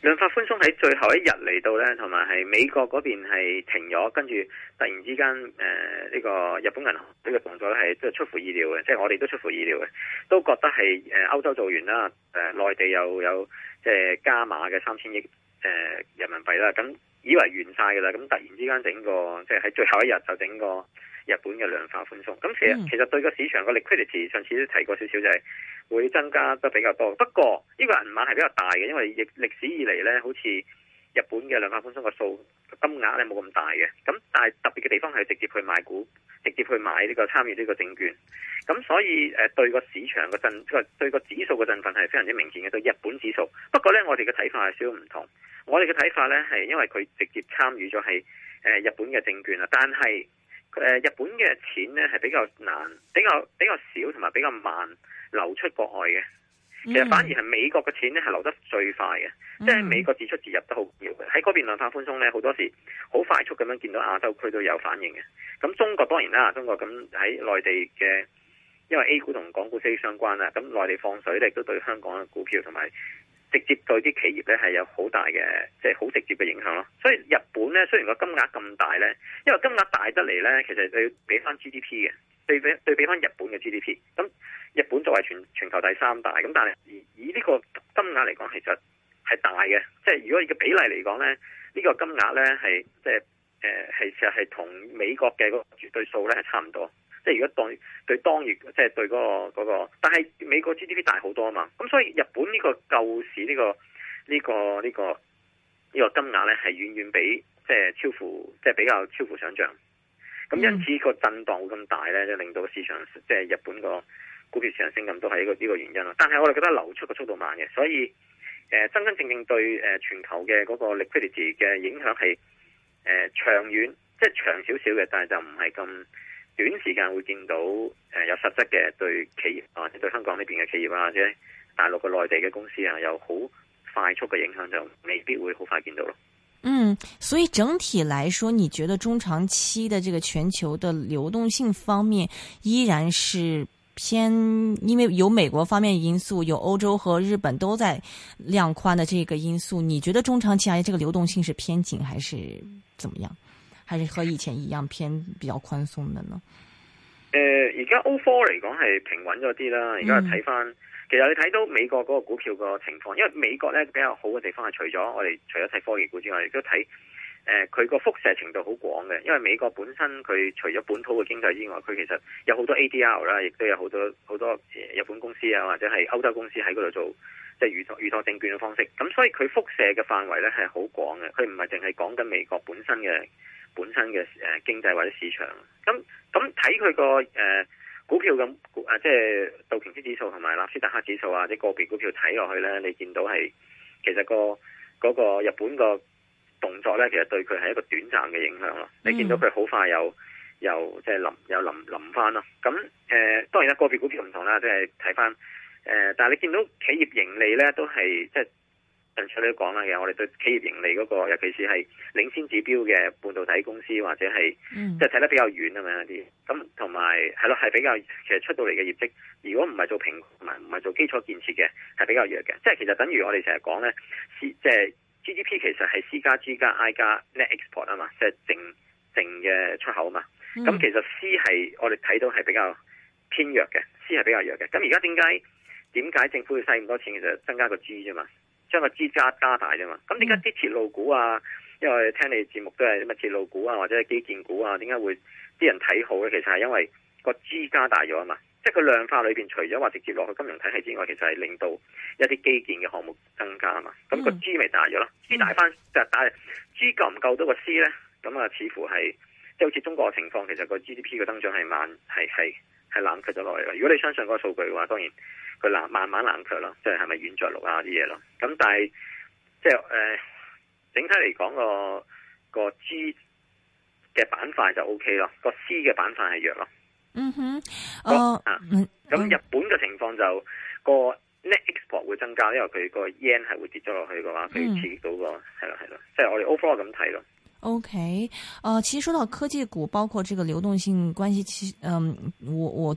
量化寬鬆喺最後一日嚟到呢，同埋係美國嗰邊係停咗，跟住突然之間，呃，呢個日本銀行呢個動作呢，係即係出乎意料嘅，即係我哋都出乎意料嘅，都覺得係歐洲做完啦、呃，內地又有即係、呃、加碼嘅三千億、呃、人民幣啦，咁以為完曬噶啦，咁突然之間整個即係喺最後一日就整個。日本嘅量化寬鬆，咁，其實、嗯、其實對個市場個 liquidity 上次都提過少少，就係會增加得比較多。不過呢個銀碼係比較大嘅，因為歷史以嚟呢，好似日本嘅量化寬鬆個數個金額呢冇咁大嘅。咁但係特別嘅地方係直接去買股，直接去買呢、呢個參與呢個證券。咁所以誒對個市場個振，即係對個指數嘅振奮係非常之明顯嘅。對日本指數，不過呢，我哋嘅睇法係少唔同。我哋嘅睇法呢係因為佢直接參與咗係誒日本嘅證券啦，但係。日本嘅錢呢係比較難，比較比較少，同埋比較慢流出國外嘅。其實反而係美國嘅錢呢係流得最快嘅，mm hmm. 即係美國自出自入都好妙嘅。喺嗰邊量化寬鬆呢，好多時好快速咁樣見到亞洲區都有反應嘅。咁中國當然啦，中國咁喺內地嘅，因為 A 股同港股息息相關啦，咁內地放水亦都對香港嘅股票同埋。直接對啲企業咧係有好大嘅，即係好直接嘅影響咯。所以日本咧，雖然個金額咁大咧，因為金額大得嚟咧，其實要畀翻 GDP 嘅，對比對比翻日本嘅 GDP，咁日本作為全全球第三大，咁但係以呢個金額嚟講，其實係大嘅。即係如果以個比例嚟講咧，呢個金額咧係即係誒，係其實係同美國嘅個絕對數咧差唔多。即係如果當對當月，即係對嗰個嗰個，但係美國 GDP 大好多啊嘛，咁所以日本呢個救市呢個呢個呢個呢個金額呢，係遠遠比即係超乎即係比較超乎想象，咁因此個震盪咁大呢，就令到市場即係日本個股票市場升咁多係一個呢個原因咯。但係我哋覺得流出嘅速度慢嘅，所以誒真、呃、真正正對全球嘅嗰個 liquidity 嘅影響係誒長遠即係長少少嘅，但係就唔係咁。短時間會見到誒有實質嘅對企業，或者對香港呢邊嘅企業啊，或者大陸嘅內地嘅公司啊，有好快速嘅影響，就未必會好快見到咯。嗯，所以整體來說，你覺得中長期的這個全球的流動性方面，依然是偏，因為有美國方面因素，有歐洲和日本都在量寬的這個因素，你覺得中長期，而家，這個流動性是偏緊還是怎麼樣？還是和以前一樣偏比較寬鬆嘅呢？誒、呃，而家歐科嚟講係平穩咗啲啦。而家睇翻，其實你睇到美國嗰個股票個情況，因為美國咧比較好嘅地方係除咗我哋除咗睇科技股之外，亦都睇誒佢個輻射程度好廣嘅。因為美國本身佢除咗本土嘅經濟之外，佢其實有好多 ADR 啦，亦都有好多好多日本公司啊，或者係歐洲公司喺嗰度做即係預託預託證券嘅方式。咁所以佢輻射嘅範圍咧係好廣嘅，佢唔係淨係講緊美國本身嘅。本身嘅誒經濟或者市場，咁咁睇佢個誒股票嘅誒，即係道瓊斯指數同埋納斯達克指數啊，啲個別股票睇落去咧，你見到係其實個嗰個日本個動作咧，其實對佢係一個短暫嘅影響咯。你見到佢好快又又即係臨又臨臨翻咯。咁誒、呃、當然啦，個別股票唔同啦，即係睇翻誒，但係你見到企業盈利咧都係即係。上次都講啦嘅，我哋對企業盈利嗰個，尤其是係領先指標嘅半導體公司或者係，即係睇得比較遠啊嘛啲。咁同埋係咯，係比較其實出到嚟嘅業績，如果唔係做平唔係唔係做基礎建設嘅，係比較弱嘅。即係其實等於我哋成日講咧，C 即係 GDP 其實係 C 加 G 加 I 加 Net Export 啊嘛，即係淨淨嘅出口啊嘛。咁其實 C 係我哋睇到係比較偏弱嘅，C 係比較弱嘅。咁而家點解點解政府要使咁多錢？其實增加個 G 啫嘛。將個 G 加加大啫嘛，咁點解啲鐵路股啊？因為聽你節目都係啲乜鐵路股啊，或者基建股啊，點解會啲人睇好咧？其實係因為個 G 加大咗啊嘛，即係個量化裏邊除咗話直接落去金融體系之外，其實係令到一啲基建嘅項目增加啊嘛，咁個 G 咪大咗咯，G、嗯、大翻，就但係 G 夠唔夠到個 C 咧？咁啊，似乎係即係好似中國嘅情況，其實個 GDP 嘅增長係慢，係係。係冷卻咗落嚟嘅，如果你相信嗰個數據嘅話，當然佢冷慢慢冷卻咯，即係係咪軟著陸啊啲嘢咯。咁但係即係誒，整體嚟講個個 G 嘅板塊就 OK 咯，個 C 嘅板塊係弱咯。嗯哼，哦，咁日本嘅情況就個 net export 會增加，因為佢個 yen 係會跌咗落去嘅話，佢會刺激到、嗰個係咯係咯，即係、mm hmm. 我哋 overall 咁睇咯。OK，呃，其實說到科技股，包括這個流動性關係，其實，嗯，我我。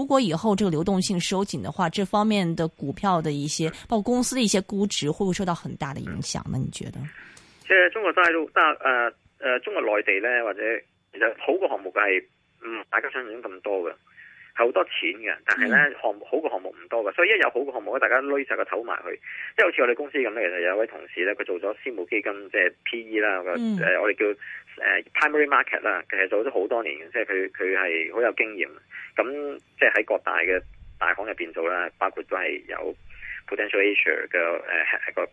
如果以後這個流動性收緊的話，這方面的股票的一些，包括公司的一些估值，會不會受到很大的影響呢？你覺得？嗯、其實中國大陸、大呃呃，中國內地呢，或者其實好個項目梗係、嗯，大家想唔想咁多嘅？有好多錢嘅，但係咧項目好嘅項目唔多嘅，所以一有好嘅項目咧，大家攏實個頭埋去。即係好似我哋公司咁咧，其實有一位同事咧，佢做咗私募基金，即係 PE 啦，誒，嗯，呃，我哋叫誒，呃，primary market 啦，其實做咗好多年，即係佢佢係好有經驗。咁即係喺各大嘅大行入邊做啦，包括都係有。potential Asia 嘅誒一個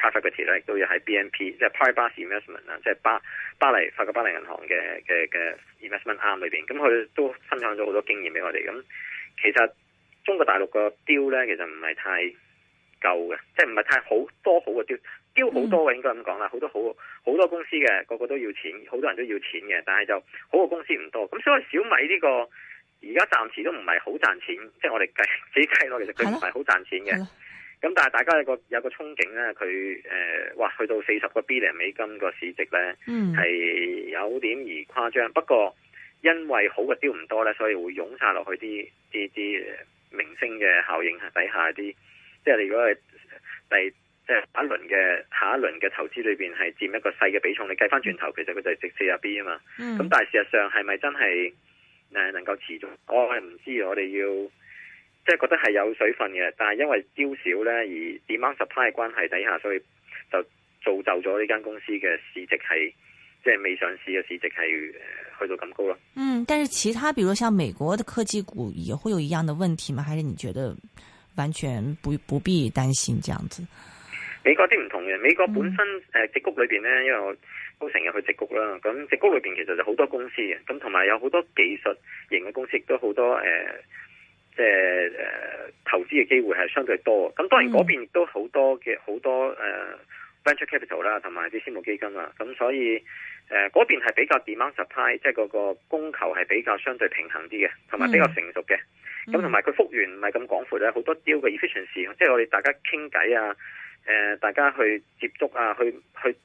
productivity 咧，都要喺 BNP，即係 Paribas Investment 啊，即係巴巴黎法國巴黎銀行嘅嘅嘅 investment arm 裏邊。咁佢都分享咗好多經驗俾我哋。咁其實中國大陸個 deal 咧，其實唔係太夠嘅，即係唔係太好多好嘅 deal。deal 好多嘅，應該咁講啦，好多好好多公司嘅個個都要錢，好多人都要錢嘅，但係就好嘅公司唔多。咁所以小米呢、這個而家暫時都唔係好賺錢，即、就、係、是、我哋計自己計落，其實佢唔係好賺錢嘅。咁但係大家有個有個憧憬咧，佢誒、呃，哇，去到四十個 B 零美金個市值咧，係、mm. 有點而誇張。不過因為好嘅標唔多咧，所以會湧晒落去啲啲啲明星嘅效應底下啲。即係你如果係第即係下一輪嘅下一輪嘅投資裡邊，係佔一個細嘅比重。你計翻轉頭，其實佢就係值四十 B 啊嘛。咁、mm. 但係事實上係咪真係誒能夠持續，我係唔知。我哋要。即係覺得係有水分嘅，但係因為屌少咧 demand supply 關係底下，所以就造就咗呢間公司嘅市值係，即係未上市嘅市值係，誒、呃、去到咁高咯。嗯，但係其他，比如像美國嘅科技股，也會有一樣嘅問題嗎？還是你覺得完全不不必擔心這樣子？美國啲唔同嘅，美國本身誒矽谷裏邊咧，因為我都成日去矽谷啦。咁矽谷裏邊其實就好多公司嘅，咁同埋有好多技術型嘅公司，亦都好多誒。呃即係誒投資嘅機會係相對多，咁當然嗰邊亦都好多嘅好、嗯、多誒、呃、venture capital 啦，同埋啲私募基金啊，咁所以誒嗰、呃、邊係比較 demand supply，即係嗰個供求係比較相對平衡啲嘅，同埋比較成熟嘅。咁同埋佢復原唔係咁廣闊咧，好多 deal 嘅 efficiency，即係我哋大家傾偈啊，誒、呃、大家去接觸啊，去去。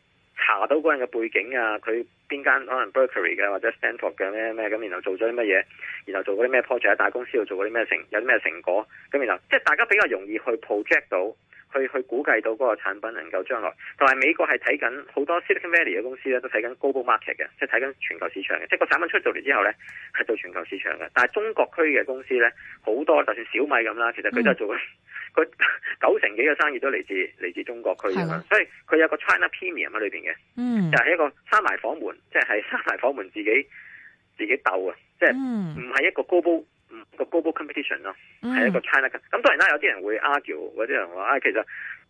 查到嗰人嘅背景啊，佢邊間可能 Berkeley 嘅或者 Stanford 嘅咩咩咁，然後做咗啲乜嘢，然後做嗰啲咩 project 喺大公司度做嗰啲咩成有啲咩成果，咁然後即係大家比較容易去 project 到。去去估計到嗰個產品能夠將來，同埋美國係睇緊好多 Silicon Valley 嘅公司咧，都睇緊 global market 嘅，即係睇緊全球市場嘅。即係個產品出到嚟之後咧，係做全球市場嘅。但係中國區嘅公司咧，好多就算小米咁啦，其實佢都係做佢、嗯、九成幾嘅生意都嚟自嚟自中國區嘅，的所以佢有個 China Premium 喺裏面嘅、嗯，就係一個閂埋房門，即係閂埋房門自己自己鬥啊，即係唔係一個 global 個 global competition 咯，係一個 China，咁當然啦，有啲人會 argue，或啲人話啊、哎，其實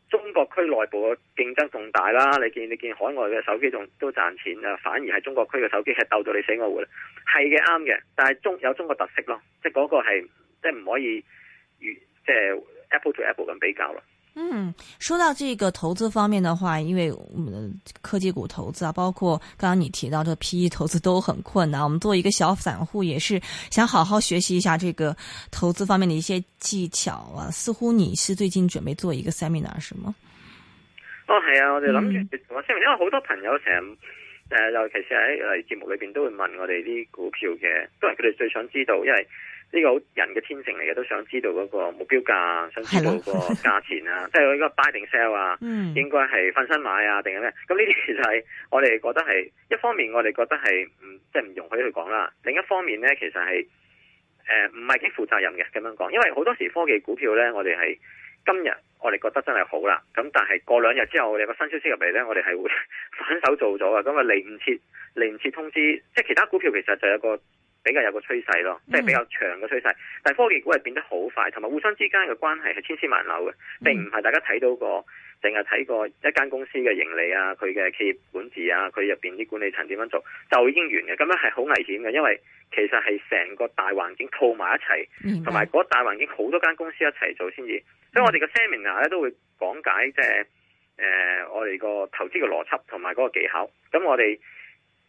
中國區內部嘅競爭仲大啦。你見你見海外嘅手機仲都賺錢啊，反而係中國區嘅手機係鬥到你死我活啦。係嘅，啱嘅。但係中有中國特色咯，即係嗰個係，即係唔可以，即係 Apple to Apple 咁比較咯。嗯，說到這個投資方面的話，因為我們的科技股投資啊，包括剛剛你提到的 PE 投資都很困難。我們做一個小散戶，也是想好好學習一下這個投資方面的一些技巧啊。似乎你是最近準備做一個 Seminar 是嗎？哦，係啊，我哋諗住同我 Seminar，因為好多朋友成日誒，尤其是喺誒節目裏邊都會問我哋啲股票嘅，都係佢哋最想知道，因為。呢個人嘅天性嚟嘅，都想知道嗰個目標價，想知道嗰個價錢啊， 即係嗰個 buy 定 sell 啊，應該係瞓身買啊定係咩？咁呢啲其實係我哋覺得係一方面，我哋覺得係唔即係唔容許去講啦。另一方面咧，其實係誒唔係幾負責任嘅咁樣講，因為好多時科技股票咧，我哋係今日我哋覺得真係好啦，咁但係過兩日之後我哋有個新消息入嚟咧，我哋係會反手做咗嘅，咁啊嚟唔切嚟唔切通知，即係其他股票其實就有一個。比較有個趨勢咯，即係比較長嘅趨勢。但係科技股係變得好快，同埋互相之間嘅關係係千絲萬縷嘅，並唔係大家睇到個，淨係睇個一間公司嘅盈利啊，佢嘅企業管治啊，佢入邊啲管理層點樣做，就已經完嘅。咁樣係好危險嘅，因為其實係成個大環境套埋一齊，同埋嗰大環境好多間公司一齊做先至。所以我哋嘅 seminar 咧都會講解即係，誒、呃，我哋個投資嘅邏輯同埋嗰個技巧。咁我哋，誒、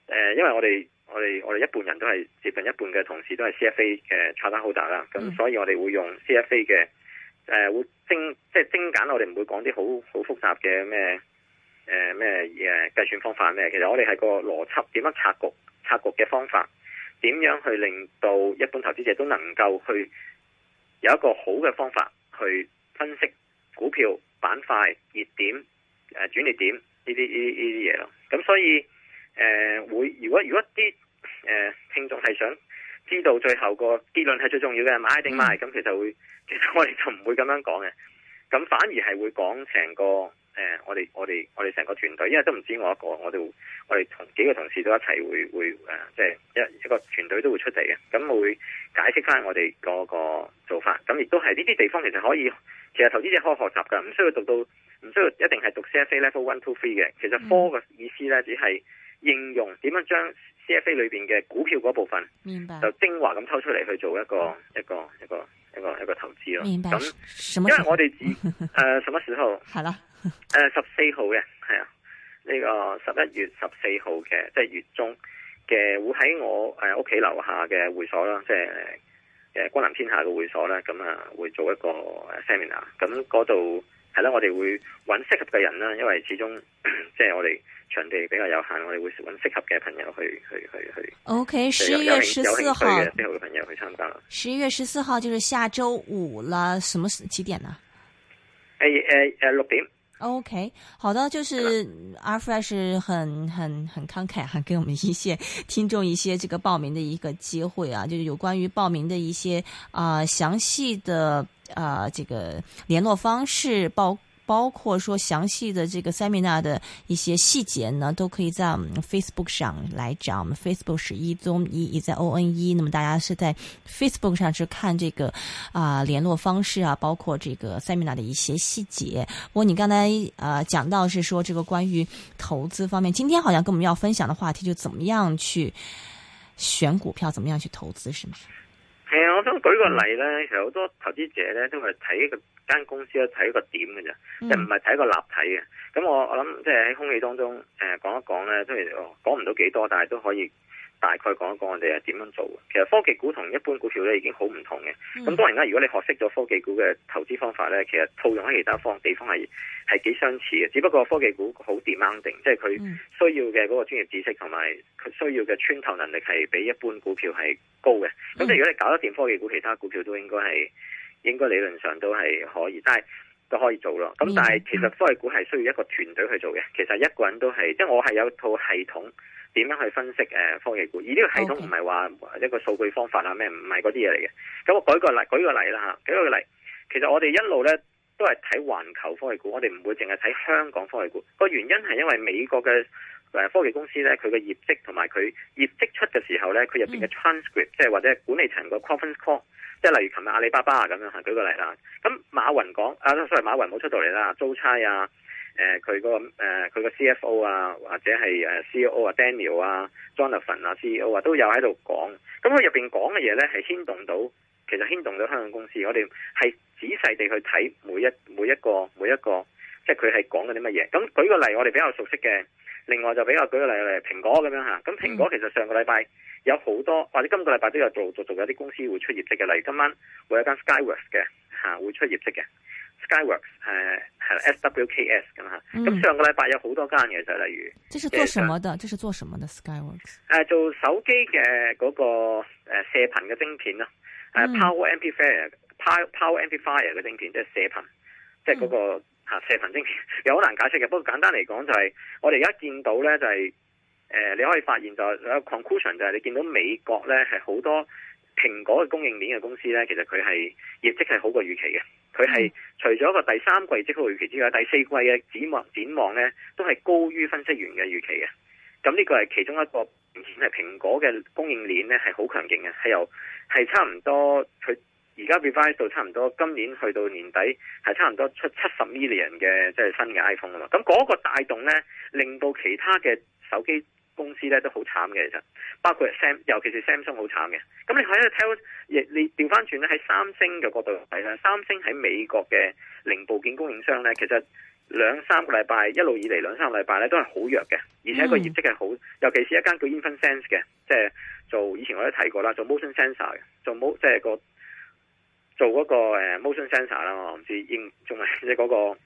呃，因為我哋。我哋我哋一半人都係接近一半嘅同事都係 CFA 嘅 charter holder 啦。咁所以我哋會用 CFA 嘅誒、呃、會精即係精簡我們不，我哋唔會講啲好好複雜嘅咩誒咩誒計算方法咩。其實我哋係個邏輯點樣拆局拆局嘅方法，點樣去令到一般投資者都能夠去有一個好嘅方法去分析股票板塊熱點轉捩、呃、點呢啲呢啲嘢咯。咁所以。誒、呃，會如果如果啲誒、呃、聽眾係想知道最後個結論係最重要嘅，買定賣咁，其實會，其實我哋就唔會咁樣講嘅。咁反而係會講成個誒、呃，我哋我哋我哋成個團隊，因為都唔止我一個，我哋我哋同幾個同事都一齊會會誒，即係一一個團隊都會出嚟嘅。咁我會解釋翻我哋嗰個做法。咁亦都係呢啲地方，其實可以，其實投資者可以學習噶，唔需要讀到，唔需要一定係讀 CFA level one two three 嘅。其實科嘅意思咧，只係。應用點樣將 CFA 裏邊嘅股票嗰部分，就精華咁抽出嚟去做一個明白，一個一個一個一個投資咯。明白。咁，因為我哋自誒什麼時候？係 啦、呃，誒十四號嘅係啊，呢個十一月十四號嘅，即係月中嘅會喺我誒屋企樓下嘅會所啦，即係誒江南天下嘅會所啦。咁啊會做一個誒 seminar，咁嗰度。係啦，我哋會揾適合嘅人啦，因為始終即係我哋場地比較有限，我哋會揾適合嘅朋友去去去去。O K，十一月十四號，有興趣嘅朋友去參加。十一月十四號就是下周五啦，什麼幾點呢？誒誒誒，六、欸呃、點。O、okay, K，好的，就是阿 fresh 很很很慷慨，哈，給我們一些聽眾一些這個報名的一個機會啊，就是、有關於報名的一些啊詳細的。啊、呃，這個聯絡方式包包括說詳細的這個 seminar 的一些細節呢，都可以在我們 Facebook 上來找。我們、嗯、Facebook 是一中，一一在 O N 一，那麼大家是在 Facebook 上去看這個啊、呃、聯絡方式啊，包括這個 seminar 的一些細節。不過你剛才呃講到是說這個關於投資方面，今天好像跟我們要分享的話題就怎麼樣去選股票，怎麼樣去投資，是嗎？我想舉個例咧，其實好多投資者咧都係睇個間公司咧，睇個點嘅啫，就唔係睇個立體嘅。咁我我諗即係喺空氣當中誒講一講咧，雖然講唔到幾多，但係都可以。大概講一講我哋係點樣做嘅。其實科技股同一般股票咧已經好唔同嘅。咁、嗯、當然啦，如果你學識咗科技股嘅投資方法咧，其實套用喺其他方地方係係幾相似嘅。只不過科技股好 demanding，即係佢需要嘅嗰、就是、個專業知識同埋佢需要嘅穿透能力係比一般股票係高嘅。咁即係如果你搞得掂科技股，其他股票都應該係應該理論上都係可以，但係都可以做咯。咁但係其實科技股係需要一個團隊去做嘅。其實一個人都係，即係我係有套系統。點樣去分析誒科技股？而呢個系統唔係話一個數據方法啊咩？唔係嗰啲嘢嚟嘅。咁我舉個例，舉個例啦嚇。舉個例，其實我哋一路咧都係睇環球科技股，我哋唔會淨係睇香港科技股。個原因係因為美國嘅科技公司咧，佢嘅業績同埋佢業績出嘅時候咧，佢入邊嘅 transcript，即係、mm. 或者管理層個 conference call 即係例如琴日阿里巴巴咁樣嚇，舉個例啦。咁馬雲講，啊，sorry，馬雲冇出到嚟啦，租差啊。誒，佢、呃那個誒，佢、呃、個 CFO 啊，或者係誒、呃、CO 啊，Daniel 啊，Jonathan 啊，CEO 啊，都有喺度講。咁佢入邊講嘅嘢咧，係牽動到，其實牽動到香港公司。我哋係仔細地去睇每一每一個每一個，即係佢係講緊啲乜嘢。咁舉個例，我哋比較熟悉嘅，另外就比較舉個例，例如蘋果咁樣吓。咁蘋果其實上個禮拜有好多，或者今個禮拜都有做做做，有啲公司會出業績嘅。例如今晚會有間 Skyworth 嘅吓會出業績嘅。Skyworks 係 S Sky，uh, W K S 咁吓，嗯，咁上個禮拜有好多間嘢，就例如，即是做什麼的？Uh, 這是做什麼的？Skyworks 誒，Sky uh, 做手機嘅嗰個誒射頻嘅晶片咯，誒、uh, Power Amplifier，嗯，Power Amplifier 嘅晶片即係，就是，射頻，即係嗰個吓射頻晶片 有好難解釋嘅。不過簡單嚟講就係，我哋而家見到咧就係，是，誒，uh, 你可以發現就是，有一個 conclusion 就係你見到美國咧係好多蘋果嘅供應鏈嘅公司咧，其實佢係業績係好過預期嘅。佢係除咗個第三季即個預期之外，第四季嘅展望展望咧都係高於分析員嘅預期嘅。咁呢個係其中一個明顯係蘋果嘅供應鏈咧係好強勁嘅，係由係差唔多，佢而家 revised 到差唔多，今年去到年底係差唔多出七十 million 嘅即係新嘅 iPhone 啊嘛。咁嗰個帶動咧，令到其他嘅手機。公司咧都好慘嘅，其實包括 Sam，尤其是 Samsung 好慘嘅。咁你可以度睇，亦你調翻轉咧喺三星嘅角度嚟睇咧，三星喺美國嘅零部件供應商咧，其實兩三個禮拜一路以嚟兩三個禮拜咧都係好弱嘅，而且個業績係好，尤其是一間叫 InvenSense 嘅，即係做以前我都睇過啦，做 Motion Sensor 嘅，做 mo, 即係個做嗰個 Motion Sensor 啦，我唔知英仲文即係嗰個。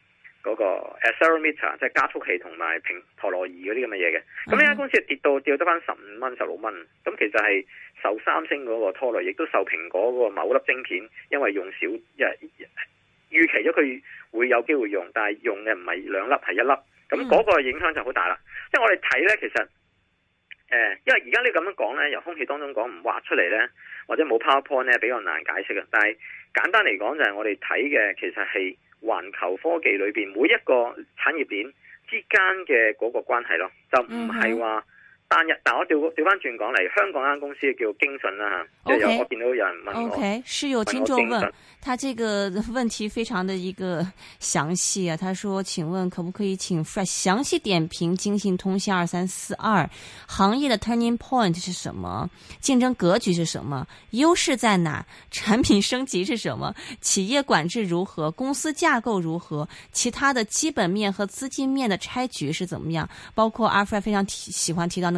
個 accelerator 即係加速器同埋平陀螺儀嗰啲咁嘅嘢嘅，咁呢間公司係跌到掉得翻十五蚊、十六蚊，咁其實係受三星嗰個拖累，亦都受蘋果嗰個某粒晶片，因為用少，預期咗佢會有機會用，但係用嘅唔係兩粒係一粒，咁嗰個影響就好大啦。Mm hmm. 即係我哋睇呢，其實，誒、呃，因為而家你咁樣講呢，由空氣當中講唔畫出嚟呢，或者冇 powerpoint 呢，比較難解釋嘅。但係簡單嚟講就係我哋睇嘅，其實係。環球科技裏邊每一個產業鏈之間嘅嗰個關係咯，就唔係話。但日，但我調調翻轉講嚟，香港間公司叫京信啦，即係 Okay. 我見到有人問。O.K. 是有聽眾問，問他這個問題非常的一個詳細啊。他說請問可不可以請 Frei 詳細點評京信通信二三四二行業的 Turning Point 是什麼？競爭格局是什麼？優勢在哪？產品升級是什麼？企業管制如何？公司架構如何？其他的基本面和資金面的差距是怎麼樣？包括阿 Frei 非常喜喜歡提到那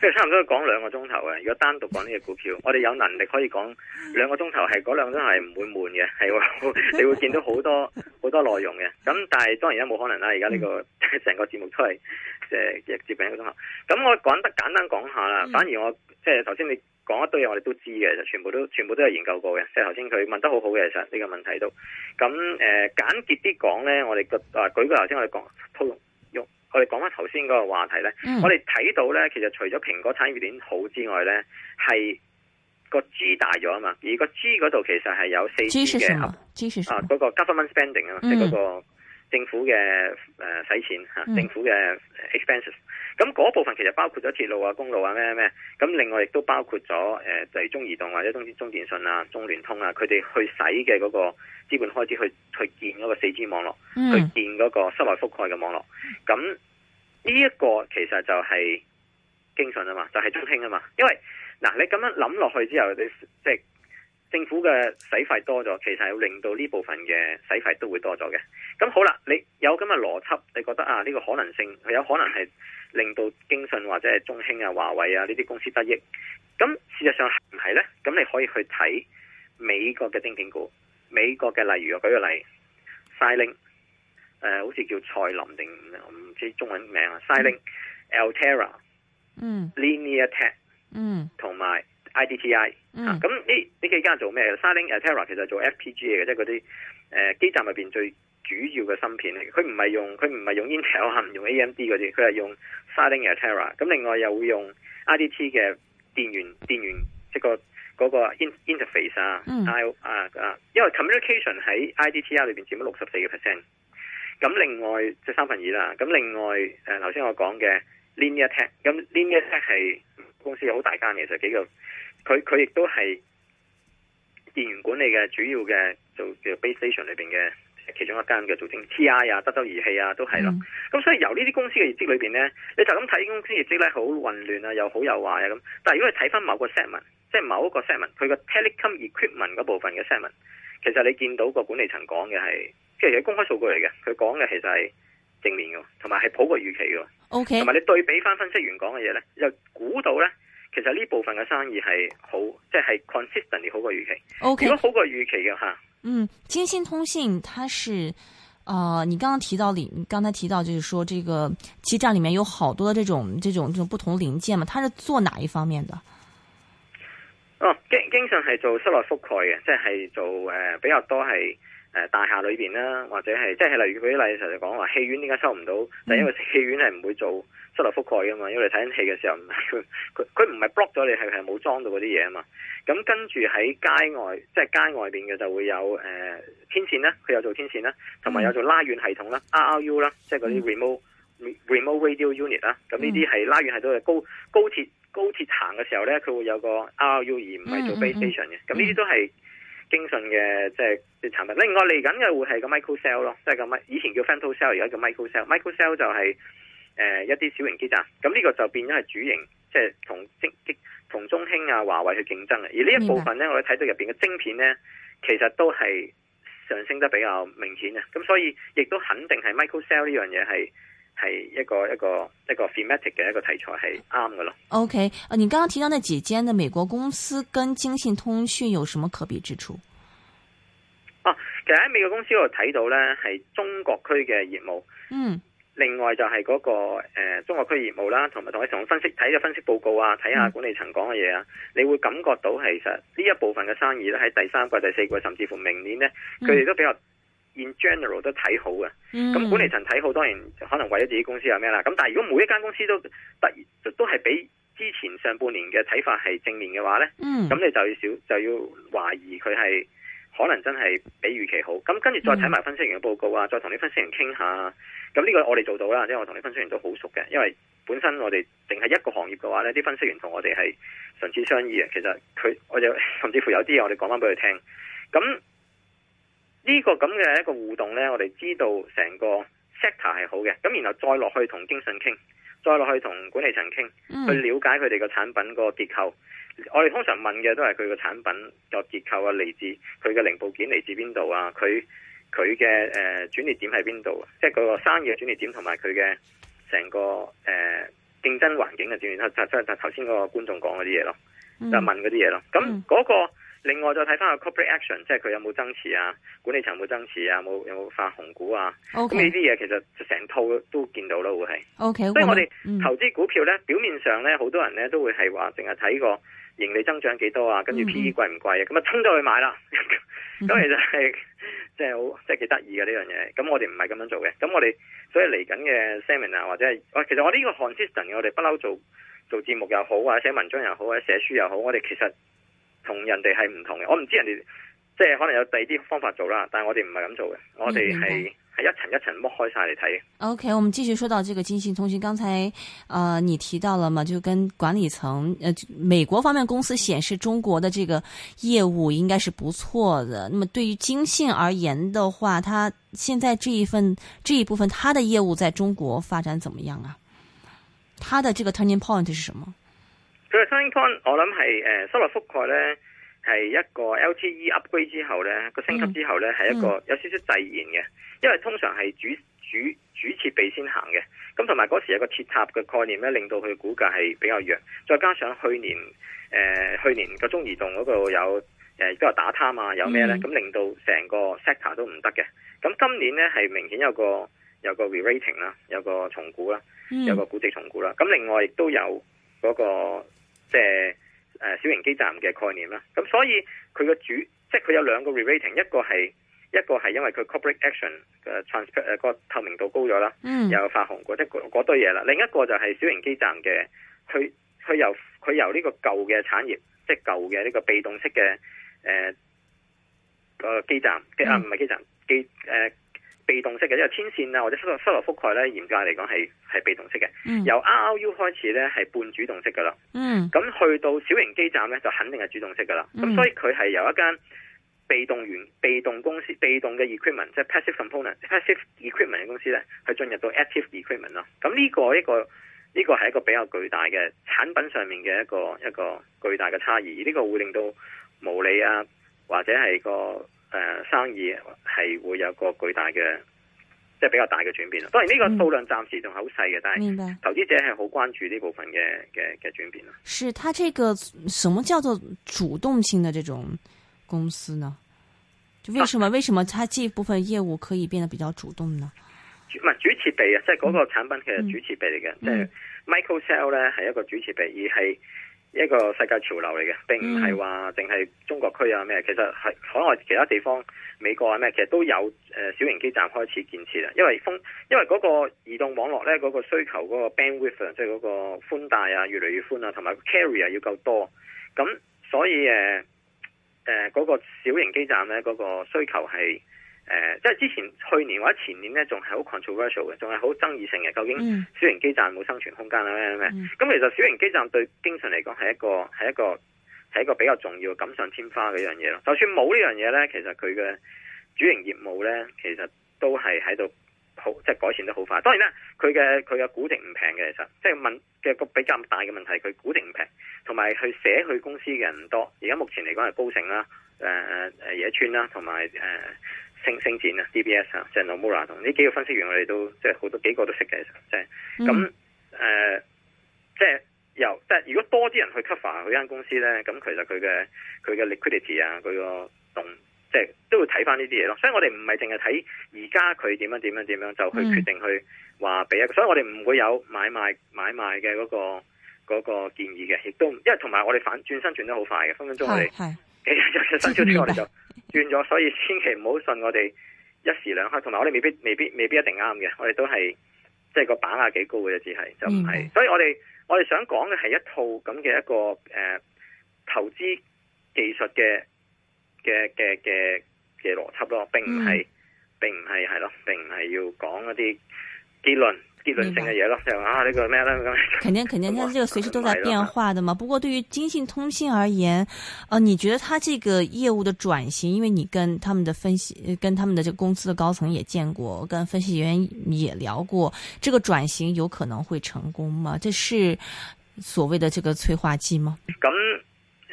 即係差唔多講兩個鐘頭嘅。如果單獨講呢隻股票，我哋有能力可以講兩個鐘頭，係嗰兩個鐘頭係唔會悶嘅，係你會見到好多好多內容嘅。咁但係當然咧，冇可能啦，而家呢個成個節目都係誒接近一個鐘頭。咁我講得簡單講下啦，反而我即係頭先你講一堆嘢，我哋都知嘅，就全部都全部都有研究過嘅。即係頭先佢問得好好嘅，其實呢個問題都咁誒簡潔啲講咧，我哋個啊舉個頭先我哋講我哋講翻頭先嗰個話題咧，嗯、我哋睇到咧，其實除咗蘋果產業鏈好之外咧，係個 G 大咗啊嘛，而個 G 嗰度其實係有四 G 嘅啊，嗰、嗰個 government spending 啊、嗯，即係嗰個政府嘅誒使錢嚇，嗯、政府嘅 expenses，咁嗰部分其實包括咗鐵路啊、公路啊咩咩，咁另外亦都包括咗誒，例、就、如、是、中移動或者中中電信啊、中聯通啊，佢哋去使嘅嗰個資本開支去去建嗰個四 G 網絡，嗯、去建嗰個室外覆蓋嘅網絡，咁呢一個其實就係經信啊嘛，就係、是、中興啊嘛，因為嗱你咁樣諗落去之後，你即係。政府嘅使費多咗，其實係令到呢部分嘅使費都會多咗嘅。咁好啦，你有咁嘅邏輯，你覺得啊呢、這個可能性係有可能係令到京信或者係中興啊、華為啊呢啲公司得益？咁事實上係唔係呢？咁你可以去睇美國嘅釘股，美國嘅例如，舉個例，Siling，、呃、好似叫蔡林定唔知中文名啊 Siling，Altera，Linear Tech，嗯，同埋、嗯。還有 IDTI，嗯，咁呢呢幾間做咩嘅？Xilinx、Altera 其實做 FPGA 嘅，即係嗰啲誒基站入邊最主要嘅芯片嚟。佢唔係用佢唔係用 Intel，係、啊、唔用 AMD 嗰啲，佢係用 Xilinx、Altera。咁 另外又會用 IDT 嘅電源電源即、就是那個嗰、那個 interface 啊，啊、嗯、啊，因為 communication 喺 IDTI 裏邊佔咗六十四個 percent。咁另外即、就是、三分二啦。咁另外誒頭先我講嘅。Linear Tech, Linear Tech，咁 Linear Tech 係公司好大間嘅，就幾個，佢佢亦都係電源管理嘅主要嘅就叫做 base station 裏邊嘅其中一間嘅，做成 TI 啊、德州儀器啊都係咯。咁、嗯、所以由呢啲公司嘅業績裏邊咧，你就咁睇公司業績咧好混亂啊，又好又壞啊咁。但係如果你睇翻某個 segment 即係某一個 segment 佢個 telecom equipment 嗰部分嘅 segment 其實你見到個管理層講嘅係，即係公開數據嚟嘅，佢講嘅其實係正面嘅，同埋係普過預期嘅。O K，同埋你對比翻分，分析員講嘅嘢咧，又估到咧，其實呢部分嘅生意係好，即、就、係、是、consistently 好過預期。O Okay . K，如果好過預期嘅吓，嗯，京信通信，它是，啊、呃，你剛剛提到，你剛才提到，就是說，這個基站裏面有好多這種、這種、這種不同零件嘛，它是做哪一方面的？哦，經經常係做室內覆蓋嘅，即係做誒、呃、比較多係。誒、呃，大廈裏邊啦，或者係即係例如舉啲例嘅時候就講話戲院點解收唔到？就、mm. 因為戲院係唔會做室內覆蓋噶嘛，因為你睇緊戲嘅時候唔係，佢佢佢唔係 block 咗你，係係冇裝到嗰啲嘢啊嘛。咁跟住喺街外，即係街外邊嘅就會有誒、呃、天線啦，佢有做天線啦，同埋、mm. 有做拉遠系統啦 （R R U） 啦，mm. 即係嗰啲 remote、mm. remote radio unit 啦。咁呢啲係拉遠系統高，高鐵高鐵高鐵行嘅時候咧，佢會有個 R, R U 而唔係做 base station 嘅。咁呢啲都係。京信嘅即係產品，另外嚟緊嘅會係個 micro cell 咯，即係個 mic 以前叫 femto cell 而家叫 micro cell。micro cell 就係，誒、一啲小型基站，咁呢個就變咗係主營，即係同同中興啊、華為去競爭嘅。而呢一部分咧，我哋睇到入面嘅晶片咧，其實都係上升得比較明顯嘅，咁所以亦都肯定係 micro cell 呢樣嘢係。係一個一個一個 thematic 嘅一個題材係啱嘅咯。O K，啊，okay. 你剛剛提到那幾間嘅美國公司跟京信通訊有什麼可比之處？哦、啊，其實喺美國公司我睇到呢係中國區嘅業務，嗯，另外就係嗰、那個誒、呃、中國區業務啦，同埋同你同我分析睇嘅分析報告啊，睇下管理層講嘅嘢啊，嗯、你會感覺到其實呢一部分嘅生意咧喺第三季、第四季，甚至乎明年呢，佢哋都比較。in general 都睇好嘅，咁、嗯、管理層睇好，當然可能為咗自己公司係咩啦。咁但係如果每一間公司都突然都係比之前上半年嘅睇法係正面嘅話呢，咁、嗯、你就要少就要懷疑佢係可能真係比預期好。咁跟住再睇埋分析員嘅報告啊，再同啲分析員傾下。咁呢個我哋做到啦，即係我同啲分析員都好熟嘅，因為本身我哋淨係一個行業嘅話呢，啲分析員同我哋係唇齒相依嘅。其實佢，我就甚至 乎有啲嘢，我哋講翻俾佢聽，咁。呢個咁嘅一個互動呢，我哋知道成個 sector 係好嘅，咁然後再落去同經信傾，再落去同管理層傾，去了解佢哋個產品個結構。我哋通常問嘅都係佢個產品個結構啊，嚟自佢嘅零部件，嚟自邊度啊，佢佢嘅誒轉捩點喺邊度啊？即係個生意嘅轉捩點同埋佢嘅成個誒、呃、競爭環境嘅轉。頭頭頭頭先個觀眾講嗰啲嘢咯，嗯、就問嗰啲嘢咯。咁、那、嗰個。嗯另外再睇翻個 corporate action，即係佢有冇增持啊，管理層有冇增持啊，有冇發紅股啊，咁呢啲嘢其實成套都見到啦，會係。O Okay . K，所以我哋投資股票咧，嗯、表面上咧，好多人咧都會係話，淨係睇個盈利增長幾多啊，跟住 P E 貴唔貴啊，咁啊衝咗去買啦。咁其實係即係好即係幾得意嘅呢樣嘢。咁我哋唔係咁樣做嘅。咁我哋所以嚟緊嘅 seminar 啊，或者係，我其實我呢個 consistent，我哋不嬲做做節目又好或者寫文章又好或者寫書又好，我哋其實。人同人哋係唔同嘅，我唔知人哋即係可能有第二啲方法做啦，但係我哋唔係咁做嘅，我哋係係一層一層剝開晒嚟睇。OK，我們繼續說到這個京信通信。剛才啊、呃，你提到了嘛，就跟管理層，誒、呃，美國方面公司顯示中國的這個業務應該是不錯嘅。那麼對於京信而言的話，它現在這一份這一部分它的業務在中國發展怎麼樣啊？它的這個 turning point 是什麼？佢嘅三通我諗係誒，收落覆蓋咧係一個 LTE upgrade 之後咧個升級之後咧係一個有少少滯延嘅，因為通常係主主主設備先行嘅，咁同埋嗰時有個鐵塔嘅概念咧，令到佢股價係比較弱，再加上去年誒、呃、去年個中移動嗰度有誒都有打貪啊，有咩咧咁令到成個 sector 都唔得嘅，咁、嗯嗯、今年咧係明顯有個有個 re-rating 啦，有個重估啦，嗯、有個估值重估啦，咁另外亦都有嗰、那個。即係誒小型基站嘅概念啦，咁所以佢個主即係佢有兩個 re-rating，一個係一個係因為佢 corporate action transp 誒、呃、個透明度高咗啦，又發紅嗰即係嗰堆嘢啦，另一個就係小型基站嘅，佢佢由佢由呢個舊嘅產業，即係舊嘅呢個被動式嘅誒個基站，啊唔係基站，基誒。呃被動式嘅，因為天線啊或者失落失落覆蓋咧，嚴格嚟講係係被動式嘅。嗯、由 RRU 開始咧係半主動式噶啦。嗯。咁去到小型基站咧就肯定係主動式噶啦。咁、嗯、所以佢係由一間被動源、被動公司、被動嘅、e、equipment，即係 passive component、passive equipment 嘅公司咧，去進入到 active equipment 咯。咁呢、這個一、這個呢、這個係一個比較巨大嘅產品上面嘅一個一個巨大嘅差異，呢個會令到無理啊或者係個。誒、呃，生意係會有個巨大嘅，即係比較大嘅轉變咯。當然呢個數量暫時仲係好細嘅，嗯、但係投資者係好關注呢部分嘅嘅嘅轉變啦。是，他這個什麼叫做主動性的這種公司呢？就為什麼、啊、為什麼它這部分業務可以變得比較主動呢？唔係主設備啊，即係、就是、嗰個產品其實主設備嚟嘅，即係 microcell 咧係一個主設備而係，一個世界潮流嚟嘅，並唔係話淨係中國區啊咩，其實係海外其他地方，美國啊咩，其實都有誒、呃、小型基站開始建設啦。因為風，因為嗰個移動網絡咧，嗰、嗰個需求嗰個 bandwidth，即係嗰個寬帶啊，越嚟越寬啊，同埋 carrier 要夠多，咁所以誒誒嗰個小型基站咧，嗰、嗰個需求係。誒、呃，即係之前去年或者前年咧，仲係好 controversial 嘅，仲係好爭議性嘅。究竟小型基站冇生存空間啦咩咩？咁、嗯、其實小型基站對京信嚟講係一個係一個係一個比較重要嘅錦上添花嘅一樣嘢咯。就算冇呢樣嘢咧，其實佢嘅主營業務咧，其實都係喺度好即係改善得好快。當然啦，佢嘅佢嘅估值唔平嘅，其實即係問嘅個比較大嘅問題，佢估值唔平，同埋佢寫去公司嘅人唔多。而家目前嚟講係高盛啦，誒、呃、誒野村啦，同埋誒。呃星展啊，D B S 啊，即係 Nomura 同呢幾個分析員，我哋都即係好多幾個都識嘅、嗯呃，即係咁誒，即係由即係如果多啲人去 cover 佢間公司咧，咁其實佢嘅佢嘅 liquidity 啊，佢個動即係都會睇翻呢啲嘢咯。所以我哋唔係淨係睇而家佢點樣點樣點樣就去決定去話俾啊。嗯、所以我哋唔會有買賣買賣嘅嗰、嗰個、嗰個建議嘅，亦都因為同埋我哋反轉身轉得好快嘅，分分鐘我哋係係。直接嘅。 轉咗，所以千祈唔好信我哋一時兩刻，同埋我哋未必、未必、未必一定啱嘅。我哋都係即係個把握幾高嘅，只係就唔係。嗯、所以我哋我哋想講嘅係一套咁嘅一個誒、呃、投資技術嘅嘅嘅嘅嘅邏輯咯，並唔係、嗯，並唔係係咯，並唔係要講一啲結論。結論性嘅嘢咯，就白啊、這個、呢個咩咧咁。肯定肯定，因 這個隨時都在變化的嘛。不，不過對於京信通信而言，呃，你覺得佢這個業務的轉型，因為你跟他們的分析，跟他們的這個公司的高層也見過，跟分析員也聊過，這個轉型有可能會成功嗎？這是所謂的這個催化劑嗎？咁誒、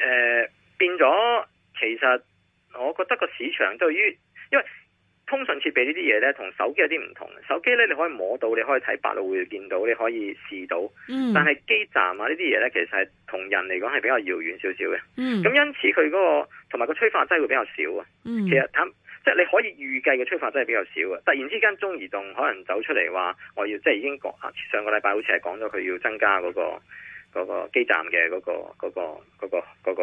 呃，變咗，其實我覺得個市場對於，因為。通訊設備呢啲嘢呢，同手機有啲唔同。手機呢，你可以摸到，你可以睇，百老匯會見到，你可以試到。嗯、但係基站啊，呢啲嘢呢，其實係同人嚟講係比較遙遠少少嘅。咁、嗯、因此佢嗰、那個同埋個催化劑會比較少啊。嗯、其實即係你可以預計嘅催化劑比較少啊。突然之間中移動可能走出嚟話，我要即係已經講上個禮拜好似係講咗佢要增加嗰、那個。嗰個基站嘅嗰個嗰個嗰個嗰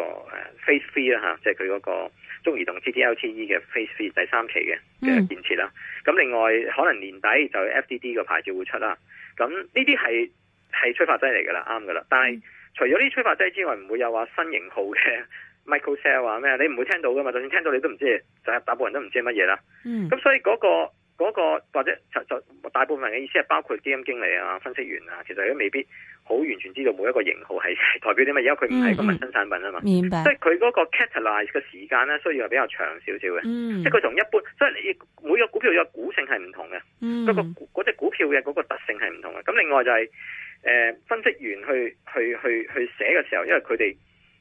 Phase Three 啦，即係佢嗰個中移動 T T L T E 嘅 Phase Three 第三期嘅建設啦。咁另外可能年底就有 FDD 個牌照會出啦。咁呢啲係係催化劑嚟㗎啦，啱㗎啦。但係是、嗯、除咗呢啲催化劑之外，唔會有話新型號嘅 Microcell 話、啊、咩？你唔會聽到㗎嘛。就算聽到你都唔知，就大部分人都唔知乜嘢啦。咁所以嗰、那個。嗰個或者就就大部分嘅意思係包括基金經理啊、分析員啊，其實都未必好完全知道每一個型號係代表啲乜嘢，因為佢唔係個民生產品啊嘛、嗯。明白。即係佢嗰個 catalyze 嘅時間咧，需要係比較長少少嘅。即係佢同一般，即係你每個股票有股性係唔同嘅。嗯。不過嗰隻股票嘅嗰個特性係唔同嘅。咁另外就係、是、誒、呃、分析員去去去去寫嘅時候，因為佢哋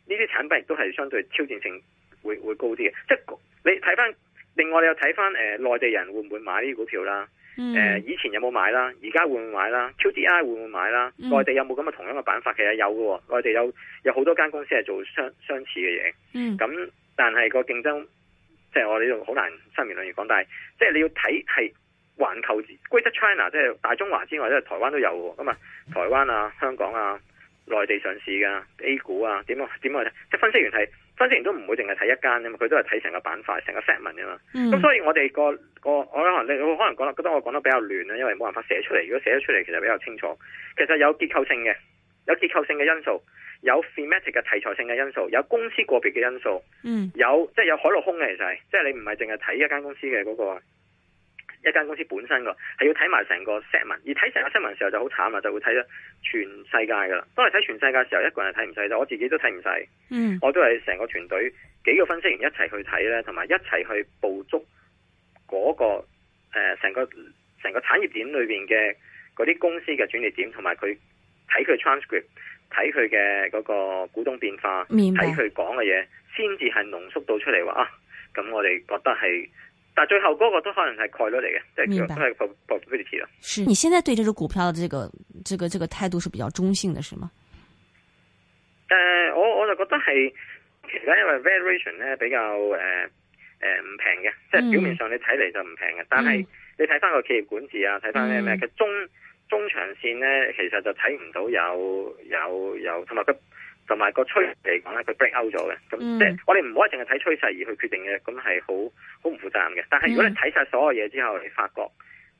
呢啲產品亦都係相對挑戰性會會高啲嘅。即、就、係、是、你睇翻。另外，你又睇翻誒內地人會唔會買呢啲股票啦？誒、嗯呃、以前有冇買啦？而家會唔會買啦 QDII 會會唔會買啦？嗯、內地有冇咁嘅同樣嘅辦法？其實有喎。內地有有好多間公司係做相相似嘅嘢。咁、嗯、但係個競爭，即、就、係、是、我哋用好難三言兩語講，但係即係你要睇係環球，Great China，即係大中華之外，即係台灣都有。咁啊，台灣啊，香港啊。內地上市噶 A 股啊，點樣點樣去睇？即係分析員係，分析員都唔會淨係睇一間啊嘛，佢都係睇成個板塊、成個 segment 啊嘛。咁所以我哋個個我可能你可能講得覺得我講得比較亂啊，因為冇辦法寫出嚟。如果寫咗出嚟，其實比較清楚。其實有結構性嘅，有結構性嘅因素，有 thematic 嘅題材性嘅因素，有公司個別嘅因素，mm. 有即係有海陸空嘅，其實係即係你唔係淨係睇一間公司嘅嗰、嗰個。一間公司本身㗎，係要睇埋成個石文。而睇成個新聞時候就好慘啊，就會睇咗全世界㗎啦。當係睇全世界嘅時候，一個人係睇唔晒，就我自己都睇唔晒。嗯，我都係成個團隊幾個分析員一齊去睇咧，同埋一齊去捕捉嗰、那個成、呃、個成個產業鏈裏邊嘅嗰啲公司嘅轉捩點，同埋佢睇佢 transcript，睇佢嘅嗰個股東變化，睇佢講嘅嘢，先至係濃縮到出嚟話啊，咁我哋覺得係。但最後嗰個都可能係概率嚟嘅，即係白都係 probability 咯。是你現在對這隻股票的這個、這個、這個態度是比較中性的，是嗎？誒、呃，我我就覺得係，其實呢因為 valuation 咧比較誒誒唔平嘅，即係表面上你睇嚟就唔平嘅，嗯、但係你睇翻個企業管治啊，睇翻啲咩，佢中中長線咧其實就睇唔到有有有，同埋佢。同埋個趨勢嚟講咧，佢 break out 咗嘅，咁、嗯、即係我哋唔可以淨係睇趨勢而去決定嘅，咁係好好唔負責任嘅。但係如果你睇晒所有嘢之後，嗯、你發覺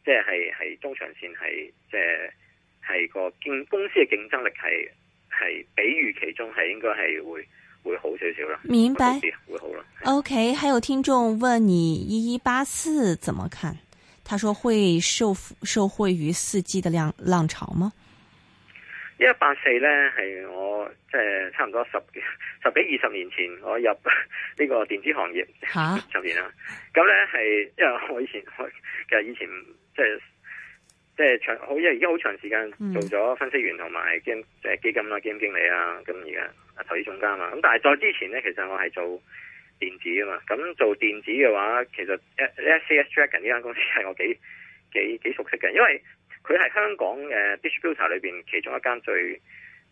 即係係中長線係即係係個競公司嘅競爭力係係比預期中係應該係會會好少少啦。明白，會好啦。OK，還有聽眾問你一一八四怎麼看？他說會受受惠於四季的浪浪潮嗎？一八四咧，係我即係差唔多十十幾二十年前，我入呢個電子行業十、啊、 年啦。咁咧係，因為我以前我其實以前即係即係長好，因為而家好長時間做咗分析員同埋基金啦，基金經理啊，咁而家啊投資總監啊。咁但係再之前咧，其實我係做電子啊嘛。咁做電子嘅話，其實一一 SAS Dragon 呢間公司係我幾幾幾熟悉嘅，因為。佢係香港嘅 Distributor 裏面其中一間最，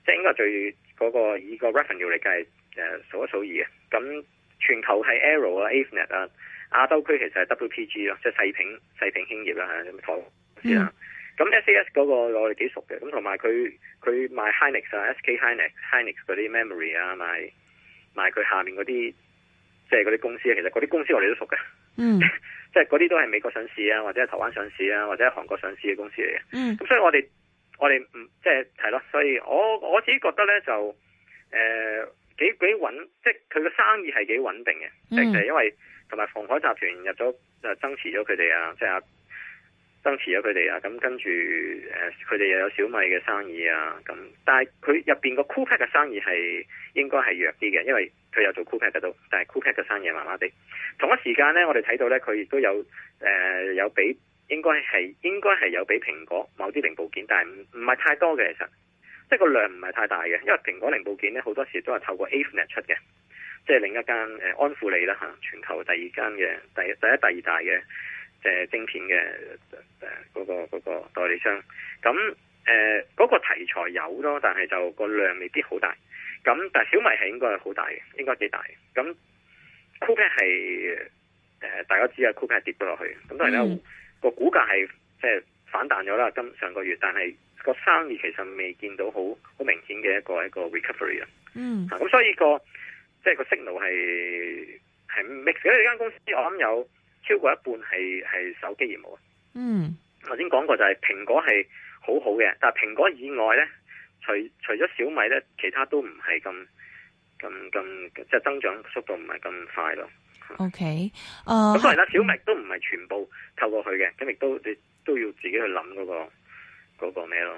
即係應該最嗰、嗰個以個 Revenue 嚟計誒、呃、數一數二嘅。咁全球係 Arrow 啊、Avnet 啊，亞洲區其實係 WPG 咯，即係細平、細平興業啦係，咁台啊。咁、嗯、s CS、嗯、嗰個我哋幾熟嘅，咁同埋佢佢賣 Hynix 啊、SK Hynix、Hynix 嗰啲 memory 啊，賣賣佢下面嗰啲即係嗰啲公司啊，其實嗰啲公司我哋都熟嘅。嗯，即係嗰啲都係美國上市啊，或者係台灣上市啊，或者係韓國上市嘅公司嚟嘅、嗯。嗯，咁所以我哋我哋唔即係係咯，所以我我自己覺得咧就誒、呃、幾幾穩，即係佢嘅生意係幾穩定嘅、嗯啊，就係因為同埋鴻海集團入咗增持咗佢哋啊，即係增持咗佢哋啊，咁跟住誒佢哋又有小米嘅生意啊，咁但係佢入邊個酷派嘅生意係應該係弱啲嘅，因為。佢有做 Coolpad 嘅，但係 Coolpad 嘅生意麻麻地。同一時間咧，我哋睇到咧，佢亦都有誒、呃、有俾，應該係應該係有俾蘋果某啲零部件，但係唔唔係太多嘅，其實即係個量唔係太大嘅，因為蘋果零部件咧好多時都係透過 Avnet 出嘅，即係另一間誒、呃、安富利啦嚇，全球第二間嘅第第一第二大嘅誒、呃、晶片嘅誒嗰個代理商，咁。誒，嗰、呃，嗰個題材有咯，但係就個量未必好大。咁但係小米係應該係好大嘅，應該幾大嘅。咁，酷派係誒，大家知啊，酷派跌咗落去。咁當然啦，嗯、個股價係即係反彈咗啦，今上個月。但係個生意其實未見到好好明顯嘅一個一個 recovery，嗯、啊。嗯。咁所以，嗰個即係、就係、個 signal 係係 mixed。因為呢間公司我諗有超過一半係係手機業務啊。嗯。頭先講過就係蘋果係。好好嘅，但係蘋果以外呢，除除咗小米呢，其他都唔係咁咁咁，即係增長速度唔係咁快咯。OK，咁、uh, 咁當然啦，是小米都唔係全部透過佢嘅，咁亦都你都要自己去諗嗰個嗰個咩咯。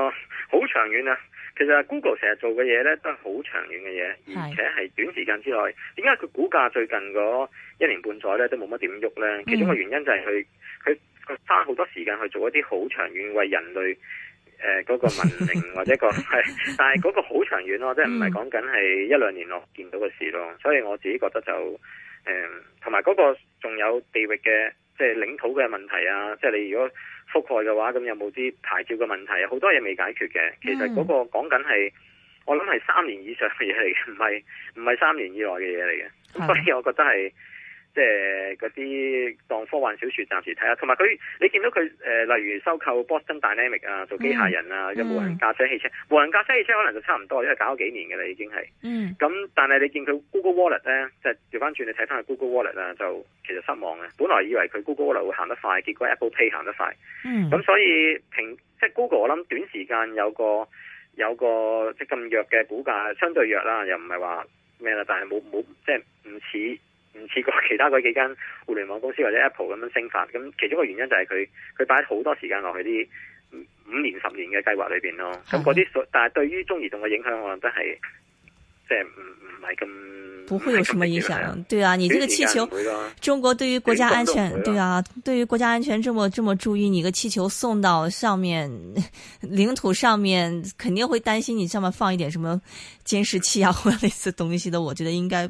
長遠啊，其實 Google 成日做嘅嘢咧都係好長遠嘅嘢，而且係短時間之內。點解佢股價最近嗰一年半載咧都冇乜點喐咧？其中個原因就係佢佢花好多時間去做一啲好長遠為人類誒嗰個文明 或者個係，但係嗰個好長遠咯，即係唔係講緊係一兩年咯見到嘅事咯。所以我自己覺得就誒，同埋嗰個仲有地域嘅即係領土嘅問題啊，即係你如果。覆蓋嘅話，咁有冇啲牌照嘅問題啊？好多嘢未解決嘅，其實嗰個講緊係，我諗係三年以上嘅嘢嚟嘅，唔係唔係三年以內嘅嘢嚟嘅，所以我覺得係。即係嗰啲當科幻小說暫時睇下，同埋佢你見到佢誒、呃，例如收購 Boston Dynamics 啊，做機械人啊，有，嗯、無人駕駛汽車，無人駕駛汽車可能就差唔多，因為搞咗幾年嘅啦，已經係。嗯。咁但係你見佢 Google Wallet 咧，即係調翻轉你睇翻佢 Google Wallet 啦，就，是、et，就其實失望嘅。本來以為佢 Google Wallet 會行得快，結果 Apple Pay 行得快。嗯。咁所以平即係 Google，我諗短時間有個有個即係咁弱嘅股價，相對弱啦，又唔係話咩啦，但係冇冇即係唔似。唔似過其他嗰幾間互聯網公司或者 Apple 咁樣升法，咁其中個原因就係佢佢擺好多時間落去啲五年十年嘅計劃裏邊咯。咁啲的，但係對於中移動嘅影響我覺得係即係唔唔係咁。不會有什麼影響，啊對啊，你這個氣球，啊、中國對於國家安全，啊對啊，對於國家安全這麼這麼注意，你個氣球送到上面領土上面，肯定會擔心你上面放一點什麼監視器啊或者類似東西的。我覺得應該。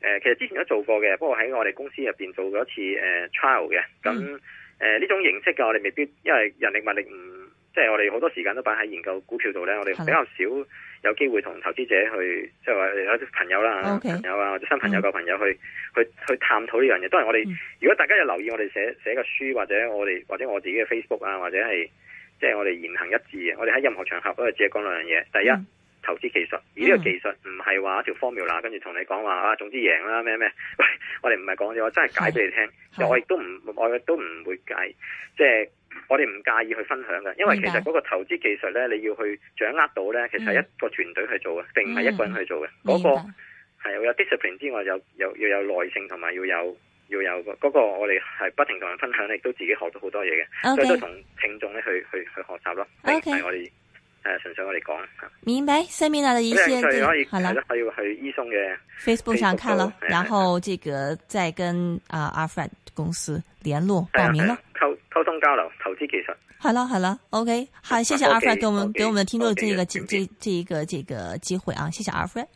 誒，其實之前都做過嘅，不過喺我哋公司入邊做過一次誒 trial 嘅。咁誒呢種形式嘅，我哋未必，因為人力物力唔，即係我哋好多時間都擺喺研究股票度咧，我哋比較少有機會同投資者去，即係話有啲朋友啦，朋友啊，啊，okay，朋友啊或者新朋友嘅、嗯、朋友去去去探討呢樣嘢。當然我哋，嗯、如果大家有留意我哋寫寫嘅書或者我哋或者我自己嘅 Facebook 啊，或者係即係我哋言行一致嘅，我哋喺任何場合都係只係講兩樣嘢。第一。嗯投資技術，而呢個技術唔係話一條 formula 啦，跟住同你講話啊，總之贏啦咩咩。喂，我哋唔係講嘢，我真係解俾你聽。我亦都唔，我亦都唔會解，即係我哋唔介意去分享嘅。因為其實嗰個投資技術呢，你要去掌握到呢，其實係一個團隊去做嘅，嗯、並唔係一個人去做嘅。嗰、嗯那個係有 discipline 之外，有有要有耐性，同埋要有要有嗰、那個。我哋係不停同人分享，亦都自己學到好多嘢嘅，okay, 所以都同聽眾咧去去去學習咯。O K。Okay, 誒，純粹我講。明白，Semina 的一些，好了，可以去嘅 Facebook 上看了，然後這個再跟啊 r f r e n 公司聯絡報名咯。溝溝通交流，投資技術。好啦，好啦 o k 好，謝謝 r f r e n c 給我們給我們聽眾這個這這一個這個機會啊，謝謝 r Franc。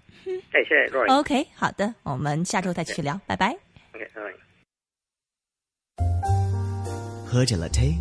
Roy。OK，好的，我們下周再繼續聊，拜拜。OK，拜拜。喝着 latte。